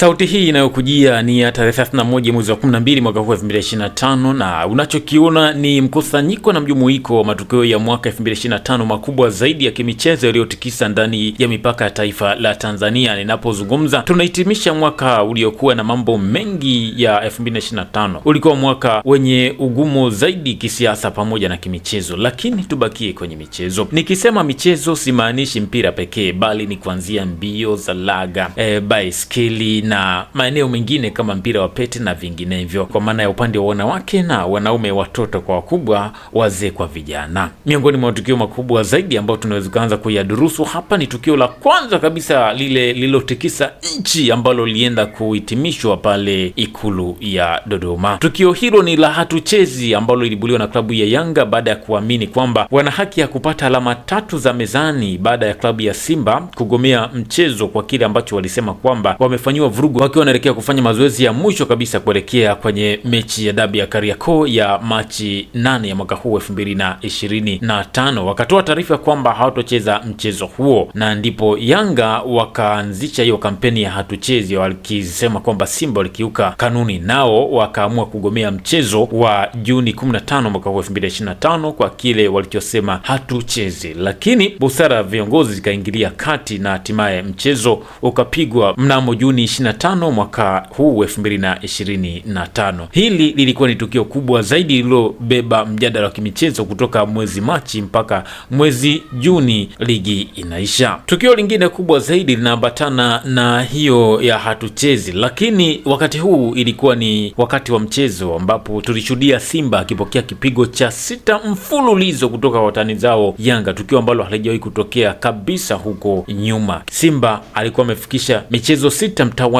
Sauti hii inayokujia ni ya tarehe 31 mwezi wa 12 mwaka huu 2025, na unachokiona ni mkusanyiko na mjumuiko wa matukio ya mwaka 2025 makubwa zaidi ya kimichezo yaliyotikisa ndani ya mipaka ya taifa la Tanzania. Ninapozungumza, tunahitimisha mwaka uliokuwa na mambo mengi ya 2025. Ulikuwa mwaka wenye ugumu zaidi kisiasa pamoja na kimichezo, lakini tubakie kwenye michezo. Nikisema michezo, simaanishi mpira pekee, bali ni kuanzia mbio za laga, e, baiskeli na maeneo mengine kama mpira wa pete na vinginevyo, kwa maana ya upande wa wanawake na wanaume, watoto kwa wakubwa, wazee kwa vijana. Miongoni mwa matukio makubwa zaidi ambayo tunaweza kuanza kuyadurusu hapa ni tukio la kwanza kabisa lile lililotikisa nchi ambalo lienda kuhitimishwa pale ikulu ya Dodoma. Tukio hilo ni la hatuchezi ambalo ilibuliwa na klabu ya Yanga baada ya kuamini kwamba wana haki ya kupata alama tatu za mezani baada ya klabu ya Simba kugomea mchezo kwa kile ambacho walisema kwamba wamefanyiwa vurugu wakiwa wanaelekea kufanya mazoezi ya mwisho kabisa kuelekea kwenye mechi ya dabi ya kariako ya Machi 8 ya mwaka huu 2025, wakatoa taarifa kwamba hawatocheza mchezo huo, na ndipo Yanga wakaanzisha hiyo kampeni ya hatuchezi, walikisema kwamba Simba walikiuka kanuni, nao wakaamua kugomea mchezo wa Juni 15 mwaka huu 2025 kwa kile walichosema hatucheze lakini busara ya viongozi zikaingilia kati na hatimaye mchezo ukapigwa mnamo Juni 15 mwaka huu 2025. Hili lilikuwa ni tukio kubwa zaidi lililobeba mjadala wa kimichezo kutoka mwezi Machi mpaka mwezi Juni ligi inaisha. Tukio lingine kubwa zaidi linaambatana na hiyo ya hatuchezi, lakini wakati huu ilikuwa ni wakati wa mchezo ambapo tulishuhudia Simba akipokea kipigo cha sita mfululizo kutoka kwa watani zao Yanga, tukio ambalo halijawahi kutokea kabisa huko nyuma. Simba alikuwa amefikisha michezo sita mtawa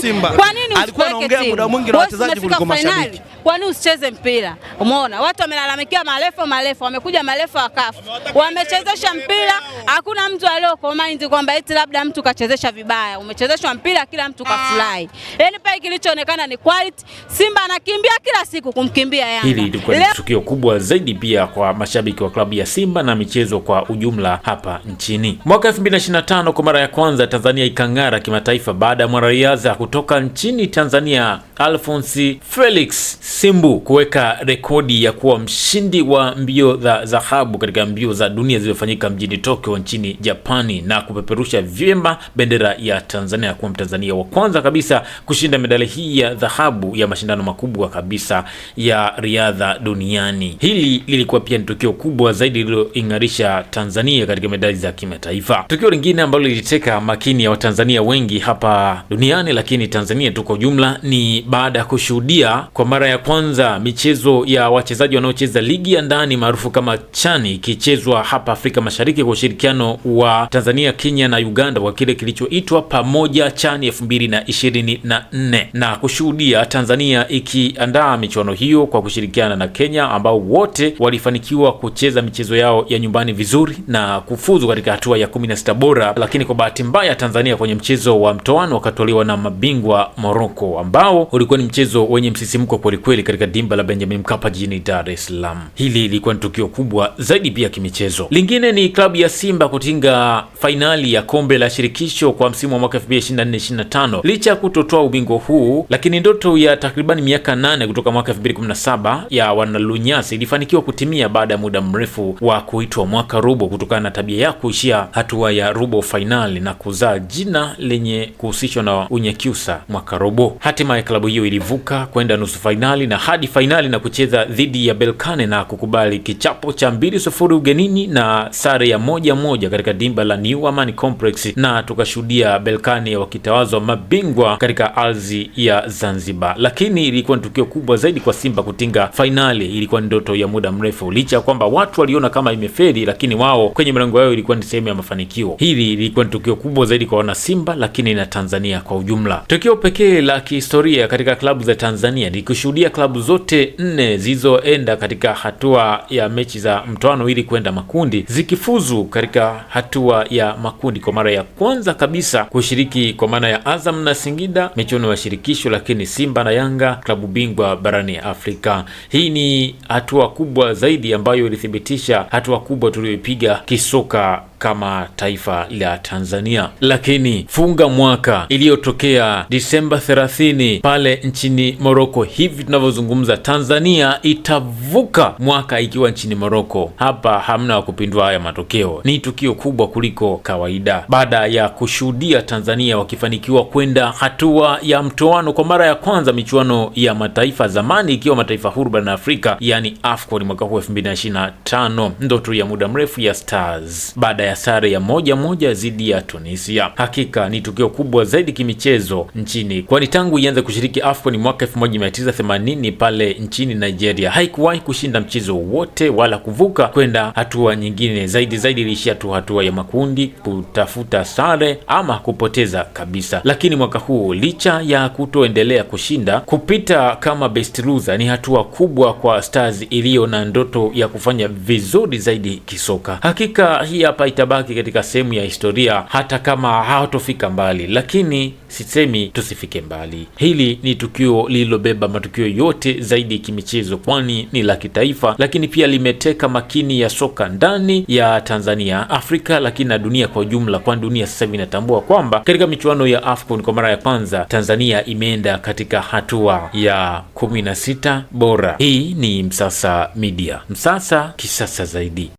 Simba. Kwa nini alikuwa anaongea muda mwingi na wachezaji kuliko mashabiki? Kwa nini usicheze mpira? Umeona watu wamelalamikia marefu marefu, wamekuja marefu wakafu, wamechezesha mpira, hakuna mtu aliyoko mind kwamba eti labda mtu kachezesha vibaya. Umechezeshwa mpira, kila mtu kafurahi. Yaani pale kilichoonekana ni quality. Simba anakimbia kila siku kumkimbia Yanga. Hili ilikuwa ni tukio kubwa zaidi pia kwa mashabiki wa klabu ya Simba na michezo kwa ujumla hapa nchini. Mwaka 2025 kwa mara ya kwanza Tanzania ikang'ara kimataifa baada ya mwanariadha kutoka nchini Tanzania Alfonsi Felix Simbu kuweka rekodi ya kuwa mshindi wa mbio za dhahabu katika mbio za dunia zilizofanyika mjini Tokyo nchini Japani na kupeperusha vyema bendera ya Tanzania kuwa Mtanzania wa kwanza kabisa kushinda medali hii ya dhahabu ya mashindano makubwa kabisa ya riadha duniani. Hili lilikuwa pia ni tukio kubwa zaidi lililoing'arisha Tanzania katika medali za kimataifa. Tukio lingine ambalo liliteka makini ya Watanzania wengi hapa duniani, lakini Tanzania tu kwa jumla ni baada ya kushuhudia kwa mara ya kwanza michezo ya wachezaji wanaocheza ligi ya ndani maarufu kama chani ikichezwa hapa Afrika Mashariki kwa ushirikiano wa Tanzania, Kenya na Uganda kwa kile kilichoitwa pamoja chani elfu na na na kushuhudia Tanzania ikiandaa michuano hiyo kwa kushirikiana na Kenya ambao wote walifanikiwa kucheza michezo yao ya nyumbani vizuri na kufuzu katika hatua ya 16 bora, lakini kwa bahati mbaya Tanzania kwenye mchezo wa mtoano wakatoliwa na mabingwa Morocco ambao ulikuwa ni mchezo wenye msisimko kwelikweli katika dimba la Benjamin Mkapa jijini Dar es Salaam. Hili lilikuwa ni tukio kubwa zaidi pia kimichezo. Lingine ni klabu ya Simba kutinga fainali ya kombe la shirikisho kwa msimu wa mwaka 2024 2025 licha ya kutotoa ubingwa huu, lakini ndoto ya takribani miaka nane kutoka mwaka 2017 ya wanalunyasi ilifanikiwa kutimia baada ya muda mrefu wa kuitwa mwaka robo kutokana na tabia ya kuishia hatua ya robo fainali na kuzaa jina lenye kuhusishwa na unyakyusa mwaka robo. Hatimaye klabu hiyo ilivuka kwenda nusu fainali na hadi fainali na kucheza dhidi ya Belkane na kukubali kichapo cha mbili sufuri ugenini na sare ya moja moja katika dimba la New Aman Complex, na tukashuhudia Belkane wakitawazwa mabingwa katika ardhi ya Zanzibar. Lakini ilikuwa ni tukio kubwa zaidi kwa Simba kutinga fainali, ilikuwa ni ndoto ya muda mrefu, licha ya kwamba watu waliona kama imefeli, lakini wao kwenye mlango wao ilikuwa ni sehemu ya mafanikio. Hili lilikuwa ni tukio kubwa zaidi kwa wana Simba, lakini na Tanzania kwa ujumla, tukio pekee la kihistoria katika klabu za Tanzania kushuhudia klabu zote nne zilizoenda katika hatua ya mechi za mtoano ili kwenda makundi zikifuzu katika hatua ya makundi kwa mara ya kwanza kabisa kushiriki kwa maana ya Azam na Singida michuano wa shirikisho, lakini Simba na Yanga klabu bingwa barani Afrika. Hii ni hatua kubwa zaidi ambayo ilithibitisha hatua kubwa tuliyoipiga kisoka kama taifa la Tanzania. Lakini funga mwaka iliyotokea Disemba 30 pale nchini Moroko, hivi tunavyozungumza, Tanzania itavuka mwaka ikiwa nchini Moroko. Hapa hamna wa kupindua haya matokeo, ni tukio kubwa kuliko kawaida, baada ya kushuhudia Tanzania wakifanikiwa kwenda hatua ya mtoano kwa mara ya kwanza michuano ya mataifa zamani, ikiwa mataifa huru barani Afrika, yani AFCON mwaka huu 2025, ndoto ya muda mrefu ya Stars baada ya ya sare ya moja moja dhidi ya Tunisia. Hakika ni tukio kubwa zaidi kimichezo nchini, kwani tangu ianze kushiriki AFCON mwaka 1980 pale nchini Nigeria haikuwahi kushinda mchezo wote wala kuvuka kwenda hatua nyingine zaidi zaidi, ilishia tu hatua ya makundi kutafuta sare ama kupoteza kabisa. Lakini mwaka huu licha ya kutoendelea kushinda, kupita kama best loser ni hatua kubwa kwa Stars iliyo na ndoto ya kufanya vizuri zaidi kisoka. Hakika hii hapa itabaki katika sehemu ya historia, hata kama hawatofika mbali, lakini sisemi tusifike mbali. Hili ni tukio lililobeba matukio yote zaidi ya kimichezo, kwani ni la kitaifa, lakini pia limeteka makini ya soka ndani ya Tanzania, Afrika, lakini na dunia kwa ujumla, kwani dunia sasa hivi inatambua kwamba katika michuano ya AFCON kwa mara ya kwanza Tanzania imeenda katika hatua ya 16 bora. Hii ni Msasa Media, Msasa kisasa zaidi.